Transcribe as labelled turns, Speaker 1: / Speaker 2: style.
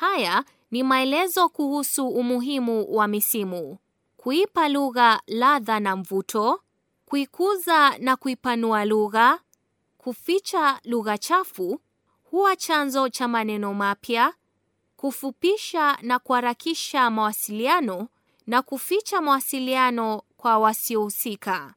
Speaker 1: Haya ni maelezo kuhusu umuhimu wa misimu: kuipa lugha ladha na mvuto, kuikuza na kuipanua lugha, kuficha lugha chafu, huwa chanzo cha maneno mapya, kufupisha na kuharakisha mawasiliano na kuficha mawasiliano kwa wasiohusika.